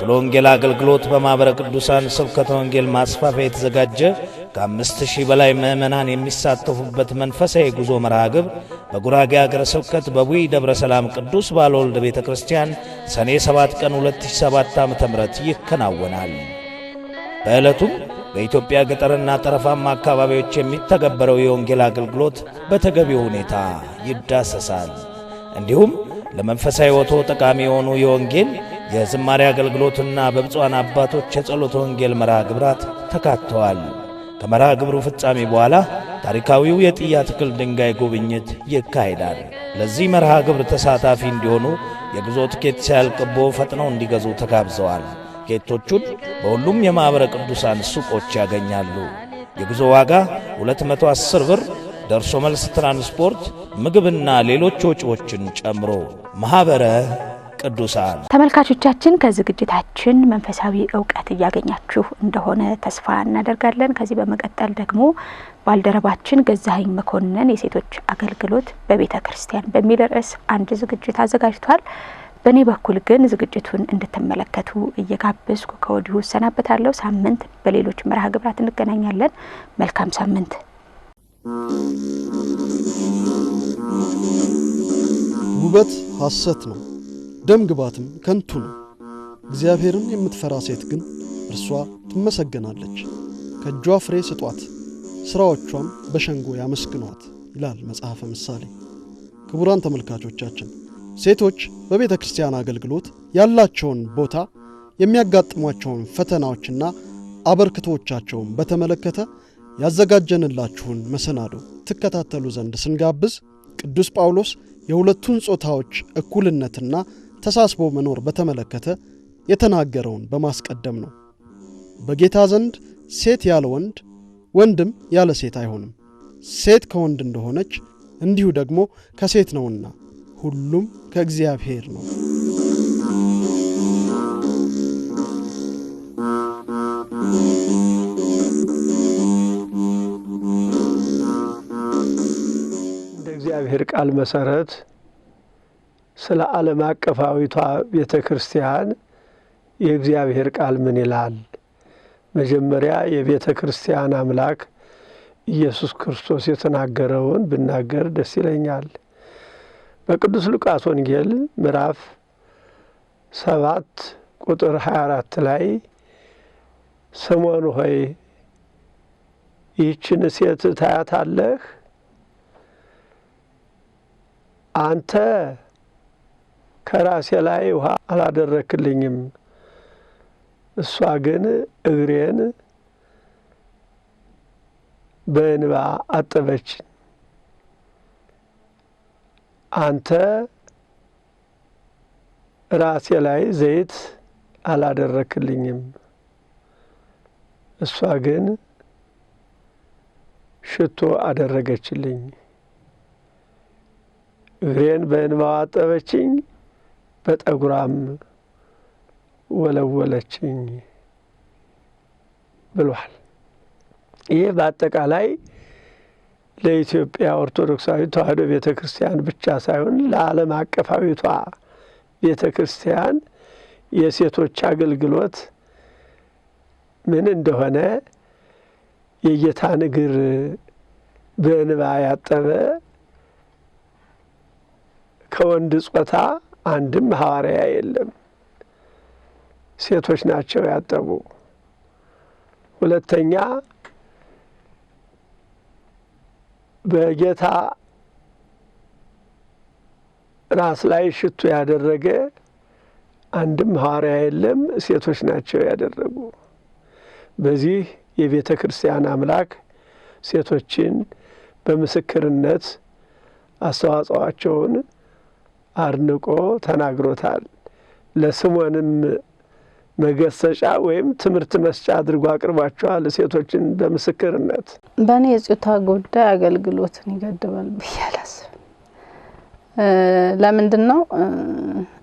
ስለ ወንጌል አገልግሎት በማኅበረ ቅዱሳን ስብከተ ወንጌል ማስፋፊያ የተዘጋጀ ከአምስት ሺህ በላይ ምዕመናን የሚሳተፉበት መንፈሳዊ ጉዞ መርሃ ግብር በጉራጌ አገረ ስብከት በቡይ ደብረ ሰላም ቅዱስ ባለወልድ ቤተ ክርስቲያን ሰኔ 7 ቀን 2007 ዓ ም ይከናወናል። በዕለቱም በኢትዮጵያ ገጠርና ጠረፋማ አካባቢዎች የሚተገበረው የወንጌል አገልግሎት በተገቢው ሁኔታ ይዳሰሳል። እንዲሁም ለመንፈሳዊ ወቶ ጠቃሚ የሆኑ የወንጌል የዝማሬ አገልግሎትና በብፁዓን አባቶች የጸሎተ ወንጌል መርሃ ግብራት ተካተዋል። ከመርሃ ግብሩ ፍጻሜ በኋላ ታሪካዊው የጥያ ትክል ድንጋይ ጉብኝት ይካሄዳል። ለዚህ መርሃ ግብር ተሳታፊ እንዲሆኑ የጉዞ ትኬት ሲያልቅቦ ፈጥነው እንዲገዙ ተጋብዘዋል። ጌቶቹን በሁሉም የማኅበረ ቅዱሳን ሱቆች ያገኛሉ። የጉዞ ዋጋ 210 ብር ደርሶ መልስ ትራንስፖርት፣ ምግብና ሌሎች ወጪዎችን ጨምሮ ማኅበረ ቅዱሳን። ተመልካቾቻችን ከዝግጅታችን መንፈሳዊ እውቀት እያገኛችሁ እንደሆነ ተስፋ እናደርጋለን። ከዚህ በመቀጠል ደግሞ ባልደረባችን ገዛኸኝ መኮንን የሴቶች አገልግሎት በቤተ ክርስቲያን በሚል ርዕስ አንድ ዝግጅት አዘጋጅቷል። በእኔ በኩል ግን ዝግጅቱን እንድትመለከቱ እየጋበዝኩ ከወዲሁ እሰናበታለሁ። ሳምንት በሌሎች መርሃ ግብራት እንገናኛለን። መልካም ሳምንት። ውበት ሐሰት ነው። ደም ግባትም ከንቱ ነው። እግዚአብሔርን የምትፈራ ሴት ግን እርሷ ትመሰገናለች። ከእጇ ፍሬ ስጧት፣ ሥራዎቿም በሸንጎ ያመስግኗት ይላል መጽሐፈ ምሳሌ። ክቡራን ተመልካቾቻችን ሴቶች በቤተ ክርስቲያን አገልግሎት ያላቸውን ቦታ የሚያጋጥሟቸውን ፈተናዎችና አበርክቶቻቸውን በተመለከተ ያዘጋጀንላችሁን መሰናዶ ትከታተሉ ዘንድ ስንጋብዝ ቅዱስ ጳውሎስ የሁለቱን ጾታዎች እኩልነትና ተሳስቦ መኖር በተመለከተ የተናገረውን በማስቀደም ነው። በጌታ ዘንድ ሴት ያለ ወንድ፣ ወንድም ያለ ሴት አይሆንም። ሴት ከወንድ እንደሆነች እንዲሁ ደግሞ ከሴት ነውና ሁሉም ከእግዚአብሔር ነው። እንደ እግዚአብሔር ቃል መሰረት ስለ ዓለም አቀፋዊቷ ቤተ ክርስቲያን የእግዚአብሔር ቃል ምን ይላል? መጀመሪያ የቤተ ክርስቲያን አምላክ ኢየሱስ ክርስቶስ የተናገረውን ብናገር ደስ ይለኛል። በቅዱስ ሉቃስ ወንጌል ምዕራፍ ሰባት ቁጥር 24 ላይ ስምዖን ሆይ ይህችን ሴት ታያታለህ አንተ ከራሴ ላይ ውሃ አላደረክልኝም። እሷ ግን እግሬን በእንባ አጠበች። አንተ ራሴ ላይ ዘይት አላደረክልኝም፣ እሷ ግን ሽቶ አደረገችልኝ። እግሬን በእንባ አጠበችኝ። በጠጉራም ወለወለችኝ ብሏል። ይህ በአጠቃላይ ለኢትዮጵያ ኦርቶዶክሳዊ ተዋሕዶ ቤተ ክርስቲያን ብቻ ሳይሆን ለዓለም አቀፋዊቷ ቤተ ክርስቲያን የሴቶች አገልግሎት ምን እንደሆነ የጌታን እግር በእንባ ያጠበ ከወንድ ጾታ አንድም ሐዋርያ የለም። ሴቶች ናቸው ያጠቡ። ሁለተኛ በጌታ ራስ ላይ ሽቱ ያደረገ አንድም ሐዋርያ የለም። ሴቶች ናቸው ያደረጉ። በዚህ የቤተ ክርስቲያን አምላክ ሴቶችን በምስክርነት አስተዋጽኦአቸውን አድንቆ ተናግሮታል። ለስሞንም መገሰጫ ወይም ትምህርት መስጫ አድርጎ አቅርቧቸዋል። ሴቶችን በምስክርነት በእኔ የጾታ ጉዳይ አገልግሎትን ይገድባል ብዬ አላስብም። ለምንድን ነው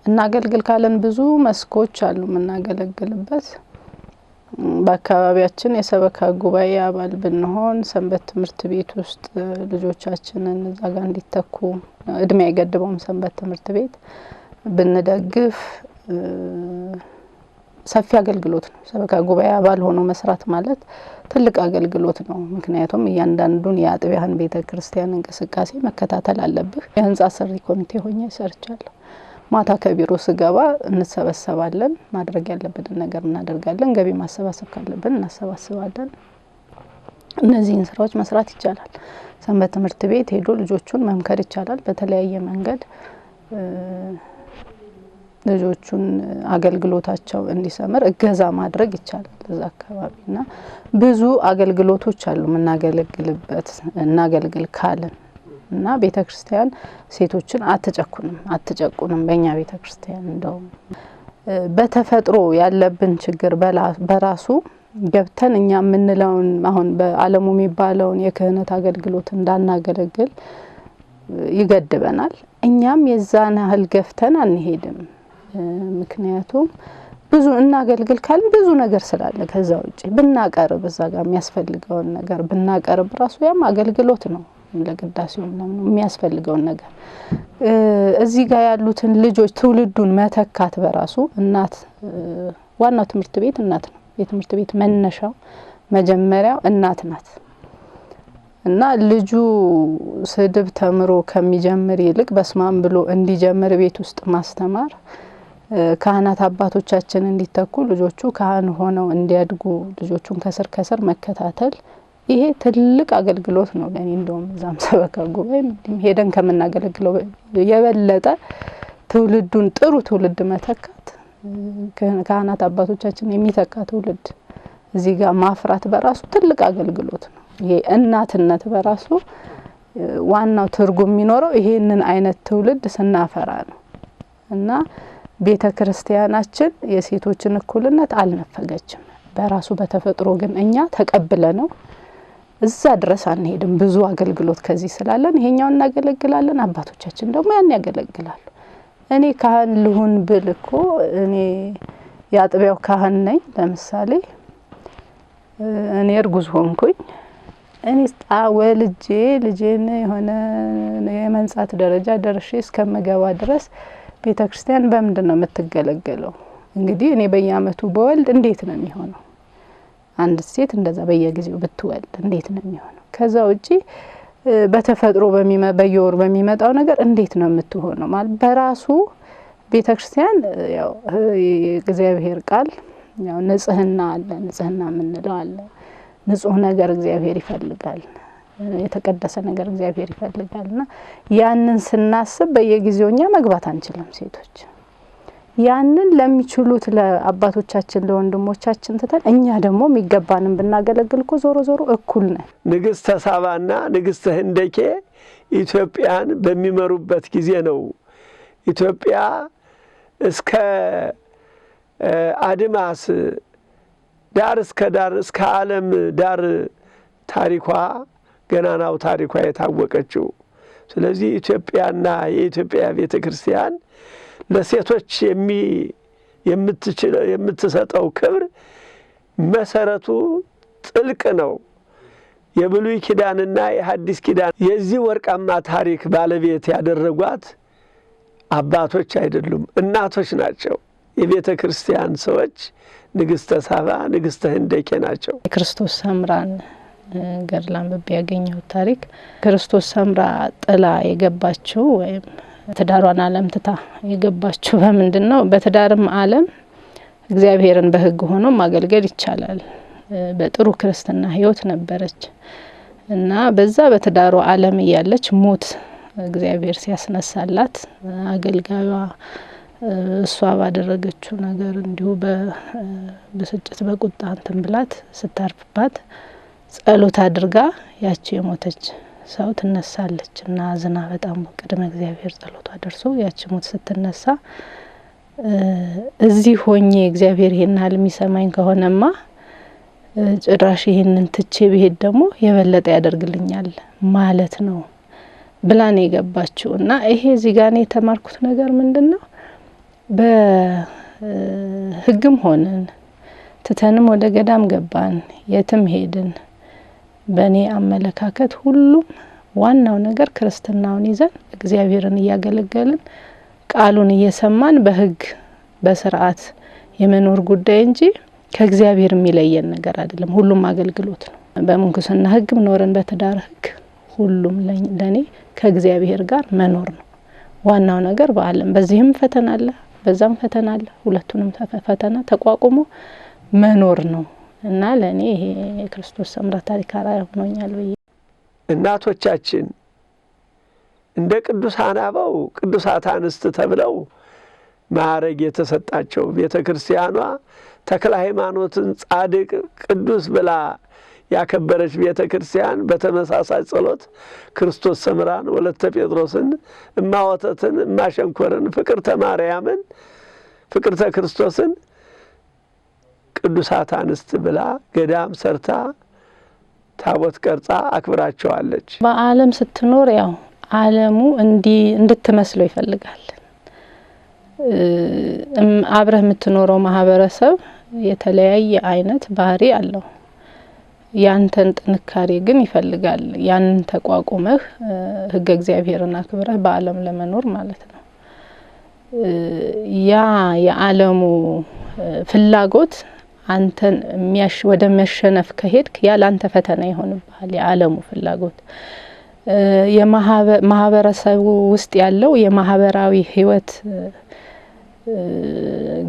እናገልግል ካለን ብዙ መስኮች አሉ የምናገለግልበት በአካባቢያችን የሰበካ ጉባኤ አባል ብንሆን ሰንበት ትምህርት ቤት ውስጥ ልጆቻችንን እዛ ጋር እንዲተኩ እድሜ አይገድበውም። ሰንበት ትምህርት ቤት ብንደግፍ ሰፊ አገልግሎት ነው። ሰበካ ጉባኤ አባል ሆኖ መስራት ማለት ትልቅ አገልግሎት ነው። ምክንያቱም እያንዳንዱን የአጥቢያህን ቤተ ክርስቲያን እንቅስቃሴ መከታተል አለብህ። የህንጻ ሰሪ ኮሚቴ ሆኜ ሰርቻለሁ። ማታ ከቢሮ ስገባ እንሰበሰባለን። ማድረግ ያለብንን ነገር እናደርጋለን። ገቢ ማሰባሰብ ካለብን እናሰባስባለን። እነዚህን ስራዎች መስራት ይቻላል። ሰንበት ትምህርት ቤት ሄዶ ልጆቹን መምከር ይቻላል። በተለያየ መንገድ ልጆቹን አገልግሎታቸው እንዲሰምር እገዛ ማድረግ ይቻላል። እዛ አካባቢና ብዙ አገልግሎቶች አሉ። የምናገለግልበት እናገልግል ካለን እና ቤተ ክርስቲያን ሴቶችን አትጨኩንም አትጨቁንም። በእኛ ቤተ ክርስቲያን እንደው በተፈጥሮ ያለብን ችግር በራሱ ገብተን እኛ የምንለውን አሁን በዓለሙ የሚባለውን የክህነት አገልግሎት እንዳናገለግል ይገድበናል። እኛም የዛን ያህል ገፍተን አንሄድም። ምክንያቱም ብዙ እናገልግል ካልን ብዙ ነገር ስላለ ከዛ ውጭ ብናቀርብ እዛ ጋር የሚያስፈልገውን ነገር ብናቀርብ ራሱ ያም አገልግሎት ነው። ለቅዳሴውም ለምኑ የሚያስፈልገውን ነገር እዚህ ጋር ያሉትን ልጆች ትውልዱን መተካት በራሱ እናት ዋናው ትምህርት ቤት እናት ነው። የትምህርት ቤት መነሻው መጀመሪያው እናት ናት እና ልጁ ስድብ ተምሮ ከሚጀምር ይልቅ በስማም ብሎ እንዲጀምር ቤት ውስጥ ማስተማር ካህናት አባቶቻችን እንዲተኩ ልጆቹ ካህን ሆነው እንዲያድጉ ልጆቹን ከስር ከስር መከታተል ይሄ ትልቅ አገልግሎት ነው ለእኔ። እንደውም እዛም ሰበካ ጉባኤ ሄደን ከምናገለግለው የበለጠ ትውልዱን ጥሩ ትውልድ መተካት ካህናት አባቶቻችን የሚተካ ትውልድ እዚህ ጋር ማፍራት በራሱ ትልቅ አገልግሎት ነው። ይሄ እናትነት በራሱ ዋናው ትርጉም የሚኖረው ይሄንን አይነት ትውልድ ስናፈራ ነው እና ቤተ ክርስቲያናችን የሴቶችን እኩልነት አልነፈገችም። በራሱ በተፈጥሮ ግን እኛ ተቀብለ ነው እዛ ድረስ አንሄድም። ብዙ አገልግሎት ከዚህ ስላለን ይሄኛው እናገለግላለን። አባቶቻችን ደግሞ ያን ያገለግላሉ። እኔ ካህን ልሁን ብል እኮ እኔ የአጥቢያው ካህን ነኝ። ለምሳሌ እኔ እርጉዝ ሆንኩኝ። እኔ ወልጄ ልጄን የሆነ የመንጻት ደረጃ ደርሼ እስከምገባ ድረስ ቤተ ክርስቲያን በምንድን ነው የምትገለገለው? እንግዲህ እኔ በየአመቱ በወልድ እንዴት ነው የሚሆነው? አንድ ሴት እንደዛ በየጊዜው ብትወልድ እንዴት ነው የሚሆነው? ከዛ ውጪ በተፈጥሮ በየወሩ በሚመጣው ነገር እንዴት ነው የምትሆነው? ማለት በራሱ ቤተ ክርስቲያን ያው የእግዚአብሔር ቃል ያው ንጽህና አለ፣ ንጽህና የምንለው አለ። ንጹህ ነገር እግዚአብሔር ይፈልጋል፣ የተቀደሰ ነገር እግዚአብሔር ይፈልጋል። እና ያንን ስናስብ በየጊዜው እኛ መግባት አንችልም ሴቶች ያንን ለሚችሉት ለአባቶቻችን ለወንድሞቻችን ትተን እኛ ደግሞ የሚገባንን ብናገለግል እኮ ዞሮ ዞሮ እኩል ነን። ንግሥተ ሳባና ንግሥተ ህንደኬ ኢትዮጵያን በሚመሩበት ጊዜ ነው። ኢትዮጵያ እስከ አድማስ ዳር እስከ ዳር እስከ ዓለም ዳር ታሪኳ ገናናው ታሪኳ የታወቀችው። ስለዚህ ኢትዮጵያና የኢትዮጵያ ቤተ ክርስቲያን ለሴቶች የምትሰጠው ክብር መሰረቱ ጥልቅ ነው። የብሉይ ኪዳንና የሐዲስ ኪዳን የዚህ ወርቃማ ታሪክ ባለቤት ያደረጓት አባቶች አይደሉም፣ እናቶች ናቸው። የቤተ ክርስቲያን ሰዎች ንግሥተ ሳባ፣ ንግሥተ ህንደኬ ናቸው። የክርስቶስ ሰምራን ገድላን በብ ያገኘሁት ታሪክ ክርስቶስ ሰምራ ጥላ የገባችው ወይም ትዳሯን አለም ትታ የገባችው በምንድን ነው? በትዳርም አለም እግዚአብሔርን በህግ ሆኖ ማገልገል ይቻላል። በጥሩ ክርስትና ህይወት ነበረች እና በዛ በትዳሯ አለም እያለች ሞት እግዚአብሔር ሲያስነሳላት አገልጋዩዋ እሷ ባደረገችው ነገር እንዲሁ በብስጭት በቁጣ እንትን ብላት ስታርፍባት ጸሎት አድርጋ ያቺ የሞተች ሰው ትነሳለች እና አዝና በጣም ቅድመ እግዚአብሔር ጸሎቷ ደርሶ ያች ሞት ስትነሳ እዚህ ሆኜ እግዚአብሔር ይሄን ያህል የሚሰማኝ ከሆነማ ጭራሽ ይሄንን ትቼ ብሄድ ደግሞ የበለጠ ያደርግልኛል ማለት ነው ብላ ነው የገባችው። እና ይሄ እዚህ ጋር የተማርኩት ነገር ምንድን ነው በህግም ሆንን ትተንም ወደ ገዳም ገባን፣ የትም ሄድን በእኔ አመለካከት ሁሉም ዋናው ነገር ክርስትናውን ይዘን እግዚአብሔርን እያገለገልን ቃሉን እየሰማን በህግ በስርዓት የመኖር ጉዳይ እንጂ ከእግዚአብሔር የሚለየን ነገር አይደለም። ሁሉም አገልግሎት ነው። በምንኩስና ህግ ኖረን በትዳር ህግ ሁሉም ለእኔ ከእግዚአብሔር ጋር መኖር ነው ዋናው ነገር በዓለም በዚህም ፈተና አለ፣ በዛም ፈተና አለ። ሁለቱንም ፈተና ተቋቁሞ መኖር ነው። እና ለእኔ ይሄ የክርስቶስ ሰምራ ታሪክ አርአያ ሆኖኛል ብዬ እናቶቻችን እንደ ቅዱሳን አበው ቅዱሳት አንስት ተብለው ማዕረግ የተሰጣቸው ቤተ ክርስቲያኗ ተክለ ሃይማኖትን ጻድቅ ቅዱስ ብላ ያከበረች ቤተ ክርስቲያን በተመሳሳይ ጸሎት ክርስቶስ ሰምራን፣ ወለተ ጴጥሮስን፣ እማወተትን፣ እማሸንኮርን፣ ፍቅርተ ማርያምን፣ ፍቅርተ ክርስቶስን ቅዱሳት አንስት ብላ ገዳም ሰርታ ታቦት ቀርጻ አክብራቸዋለች። በዓለም ስትኖር ያው ዓለሙ እንዲህ እንድትመስለው ይፈልጋል። አብረህ የምትኖረው ማህበረሰብ የተለያየ አይነት ባህሪ አለው። ያንተን ጥንካሬ ግን ይፈልጋል። ያንን ተቋቁመህ ህገ እግዚአብሔርን አክብረህ በዓለም ለመኖር ማለት ነው። ያ የዓለሙ ፍላጎት አንተን ወደ መሸነፍ ከሄድክ ያ ለአንተ ፈተና ይሆንብሃል። የዓለሙ ፍላጎት ማህበረሰቡ ውስጥ ያለው የማህበራዊ ህይወት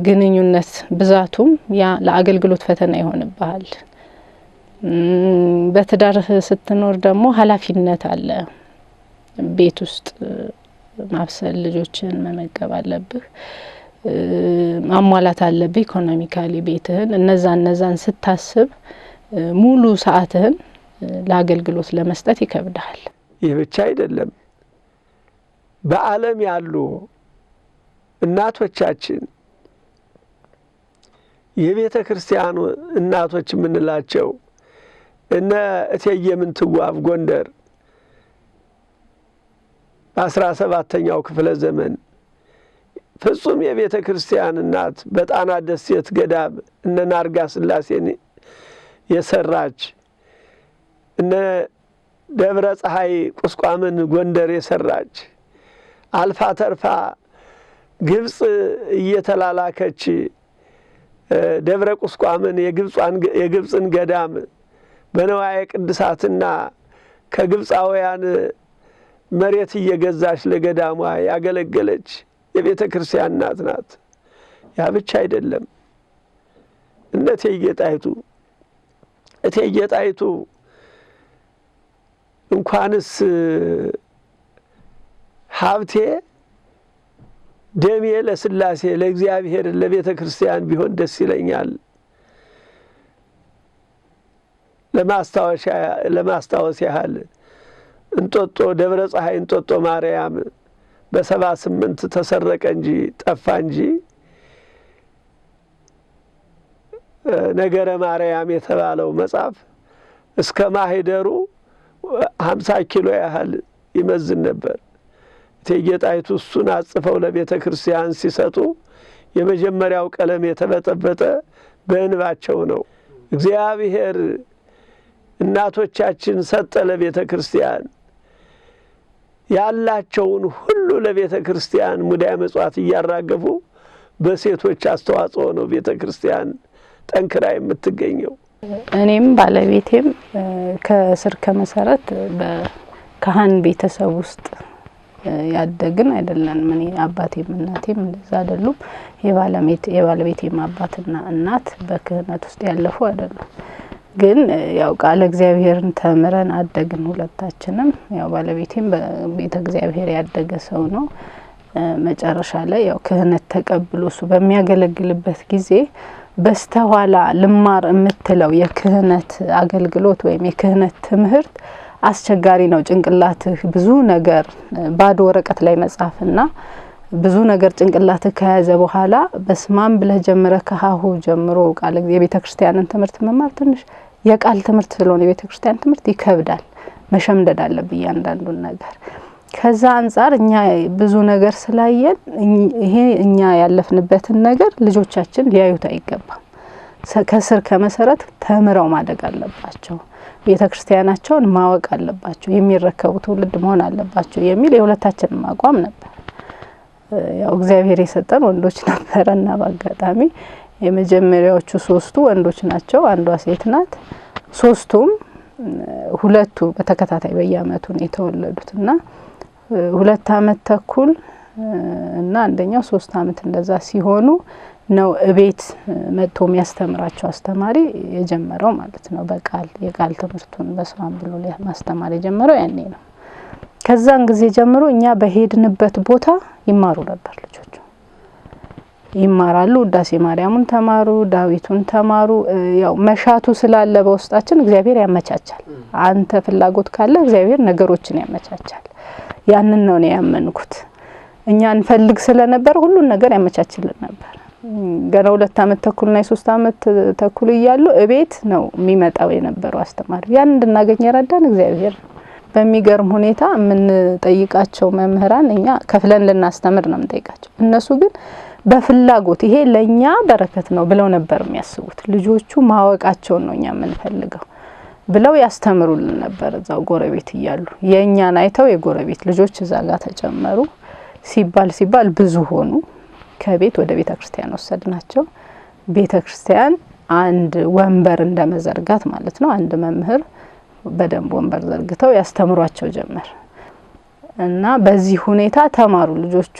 ግንኙነት ብዛቱም ያ ለአገልግሎት ፈተና ይሆንብሃል። በትዳር ስትኖር ደግሞ ኃላፊነት አለ። ቤት ውስጥ ማብሰል፣ ልጆችን መመገብ አለብህ። ማሟላት አለብህ ኢኮኖሚካሊ ቤትህን። እነዛ እነዛን ስታስብ ሙሉ ሰዓትህን ለአገልግሎት ለመስጠት ይከብድሃል። ይህ ብቻ አይደለም። በዓለም ያሉ እናቶቻችን የቤተ ክርስቲያኑ እናቶች የምንላቸው እነ እቴጌ ምንትዋብ ጎንደር በአስራ ሰባተኛው ክፍለ ዘመን ፍጹም የቤተ ክርስቲያን እናት በጣና ደሴት ገዳም እነ ናርጋ ስላሴን የሰራች እነ ደብረ ፀሐይ ቁስቋምን ጎንደር የሰራች አልፋ ተርፋ ግብፅ እየተላላከች ደብረ ቁስቋምን የግብፅን ገዳም በነዋየ ቅድሳትና ከግብፃውያን መሬት እየገዛች ለገዳሟ ያገለገለች ክርስቲያን እናት ናት። ያ ብቻ አይደለም። እነ እቴጌ ጣይቱ እቴጌ ጣይቱ እንኳንስ ሀብቴ ደሜ ለስላሴ ለእግዚአብሔር ለቤተ ክርስቲያን ቢሆን ደስ ይለኛል። ለማስታወስ ያህል እንጦጦ ደብረ ፀሐይ እንጦጦ ማርያም በሰባ ስምንት ተሰረቀ እንጂ ጠፋ እንጂ ነገረ ማርያም የተባለው መጽሐፍ እስከ ማህደሩ ሀምሳ ኪሎ ያህል ይመዝን ነበር። እቴጌ ጣይቱ እሱን አጽፈው ለቤተ ክርስቲያን ሲሰጡ የመጀመሪያው ቀለም የተበጠበጠ በእንባቸው ነው። እግዚአብሔር እናቶቻችን ሰጠ ለቤተ ክርስቲያን ያላቸውን ሁሉ ለቤተ ክርስቲያን ሙዳየ መጽዋት እያራገፉ በሴቶች አስተዋጽኦ ነው ቤተ ክርስቲያን ጠንክራ የምትገኘው። እኔም ባለቤቴም ከስር ከመሰረት በካህን ቤተሰብ ውስጥ ያደግን አይደለንም። እኔ አባቴም እናቴም እንደዛ አይደሉም። የባለቤቴም አባትና እናት በክህነት ውስጥ ያለፉ አይደሉም። ግን ያው ቃለ እግዚአብሔርን ተምረን አደግን ሁለታችንም። ያው ባለቤቴም በቤተ እግዚአብሔር ያደገ ሰው ነው። መጨረሻ ላይ ያው ክህነት ተቀብሎ እሱ በሚያገለግልበት ጊዜ በስተኋላ ልማር የምትለው የክህነት አገልግሎት ወይም የክህነት ትምህርት አስቸጋሪ ነው። ጭንቅላትህ ብዙ ነገር ባዶ ወረቀት ላይ መጻፍና ብዙ ነገር ጭንቅላትህ ከያዘ በኋላ በስማም ብለህ ጀምረ ከሀሁ ጀምሮ ቃል የቤተ ክርስቲያንን ትምህርት መማር ትንሽ የቃል ትምህርት ስለሆነ የቤተ ክርስቲያን ትምህርት ይከብዳል። መሸምደድ አለብ እያንዳንዱን ነገር። ከዛ አንጻር እኛ ብዙ ነገር ስላየን ይሄ እኛ ያለፍንበትን ነገር ልጆቻችን ሊያዩት አይገባም። ከስር ከመሰረት ተምረው ማደግ አለባቸው። ቤተ ክርስቲያናቸውን ማወቅ አለባቸው። የሚረከቡ ትውልድ መሆን አለባቸው የሚል የሁለታችንም አቋም ነበር። ያው እግዚአብሔር የሰጠን ወንዶች ነበረ እና በአጋጣሚ የመጀመሪያዎቹ ሶስቱ ወንዶች ናቸው፣ አንዷ ሴት ናት። ሶስቱም ሁለቱ በተከታታይ በየአመቱ ነው የተወለዱት እና ሁለት አመት ተኩል እና አንደኛው ሶስት አመት እንደዛ ሲሆኑ ነው እቤት መጥቶ የሚያስተምራቸው አስተማሪ የጀመረው ማለት ነው። በቃል የቃል ትምህርቱን በስራም ብሎ ማስተማር የጀመረው ያኔ ነው። ከዛን ጊዜ ጀምሮ እኛ በሄድንበት ቦታ ይማሩ ነበር ልጆቹ ይማራሉ። ውዳሴ ማርያሙን ተማሩ፣ ዳዊቱን ተማሩ። ያው መሻቱ ስላለ በውስጣችን እግዚአብሔር ያመቻቻል። አንተ ፍላጎት ካለ እግዚአብሔር ነገሮችን ያመቻቻል። ያንን ነው ነው ያመንኩት። እኛ እንፈልግ ስለነበር ሁሉን ነገር ያመቻችልን ነበር። ገና ሁለት አመት ተኩልና የሶስት አመት ተኩል እያሉ እቤት ነው የሚመጣው የነበረው አስተማሪ። ያን እንድናገኝ የረዳን እግዚአብሔር ነው። በሚገርም ሁኔታ የምንጠይቃቸው መምህራን እኛ ከፍለን ልናስተምር ነው የምንጠይቃቸው። እነሱ ግን በፍላጎት ይሄ ለእኛ በረከት ነው ብለው ነበር የሚያስቡት። ልጆቹ ማወቃቸውን ነው እኛ የምንፈልገው ብለው ያስተምሩልን ነበር። እዛው ጎረቤት እያሉ የእኛን አይተው የጎረቤት ልጆች እዛ ጋር ተጨመሩ። ሲባል ሲባል ብዙ ሆኑ። ከቤት ወደ ቤተ ክርስቲያን ወሰድ ናቸው። ቤተ ክርስቲያን አንድ ወንበር እንደመዘርጋት ማለት ነው አንድ መምህር በደንብ ወንበር ዘርግተው ያስተምሯቸው ጀመር እና በዚህ ሁኔታ ተማሩ ልጆቹ።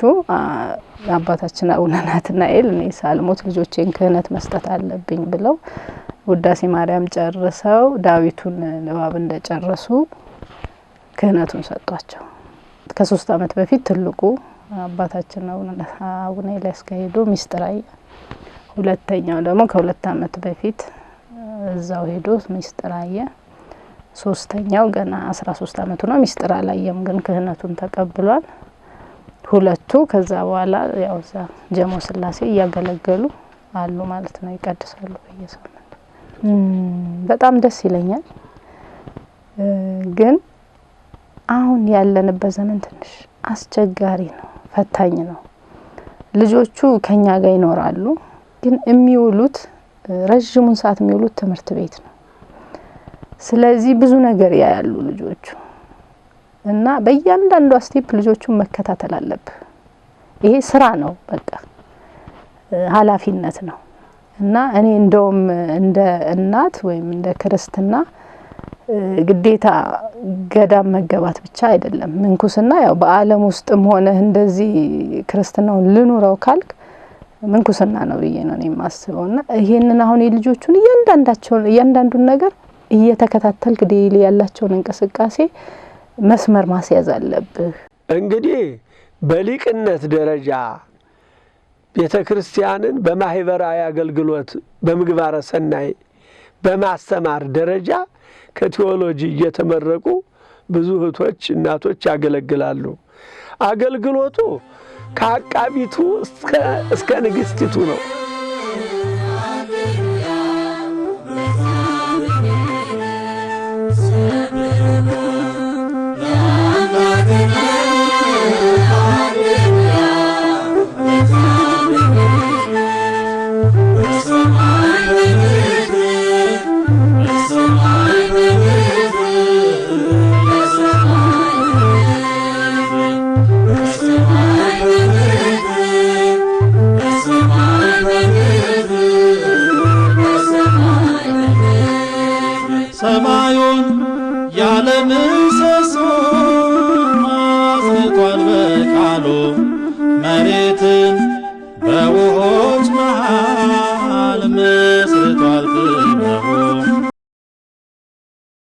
አባታችን አቡነ ናትናኤል እኔ ሳልሞት ልጆቼን ክህነት መስጠት አለብኝ ብለው ውዳሴ ማርያም ጨርሰው ዳዊቱን ንባብ እንደጨረሱ ክህነቱን ሰጧቸው። ከሶስት አመት በፊት ትልቁ አባታችን አቡነ ኤልያስ ከሄዱ ሚስጥራይ ሁለተኛው ደግሞ ከሁለት ዓመት በፊት እዛው ሄዶ ሚስጥር አየ። ሶስተኛው ገና አስራ ሶስት አመቱ ነው። ሚስጥር አላየም፣ ግን ክህነቱን ተቀብሏል። ሁለቱ ከዛ በኋላ ያው እዛ ጀሞ ስላሴ እያገለገሉ አሉ ማለት ነው። ይቀድሳሉ በየሳምንቱ በጣም ደስ ይለኛል። ግን አሁን ያለንበት ዘመን ትንሽ አስቸጋሪ ነው፣ ፈታኝ ነው። ልጆቹ ከኛ ጋር ይኖራሉ፣ ግን የሚውሉት ረዥሙን ሰዓት የሚውሉት ትምህርት ቤት ነው ስለዚህ ብዙ ነገር ያያሉ ልጆቹ እና በእያንዳንዷ ስቴፕ ልጆቹን መከታተል አለብህ። ይሄ ስራ ነው፣ በቃ ኃላፊነት ነው እና እኔ እንደውም እንደ እናት ወይም እንደ ክርስትና ግዴታ ገዳም መገባት ብቻ አይደለም። ምንኩስና ያው በዓለም ውስጥም ሆነህ እንደዚህ ክርስትናውን ልኑረው ካልክ ምንኩስና ነው ብዬ ነው የማስበው እና ይሄንን አሁን የልጆቹን እያንዳንዳቸውን እያንዳንዱን ነገር እየተከታተልክ ዴይሊ ያላቸውን እንቅስቃሴ መስመር ማስያዝ አለብህ። እንግዲህ በሊቅነት ደረጃ ቤተ ክርስቲያንን በማህበራዊ አገልግሎት በምግባረ ሰናይ በማስተማር ደረጃ ከቴዎሎጂ እየተመረቁ ብዙ እህቶች፣ እናቶች ያገለግላሉ። አገልግሎቱ ከአቃቢቱ እስከ ንግሥቲቱ ነው።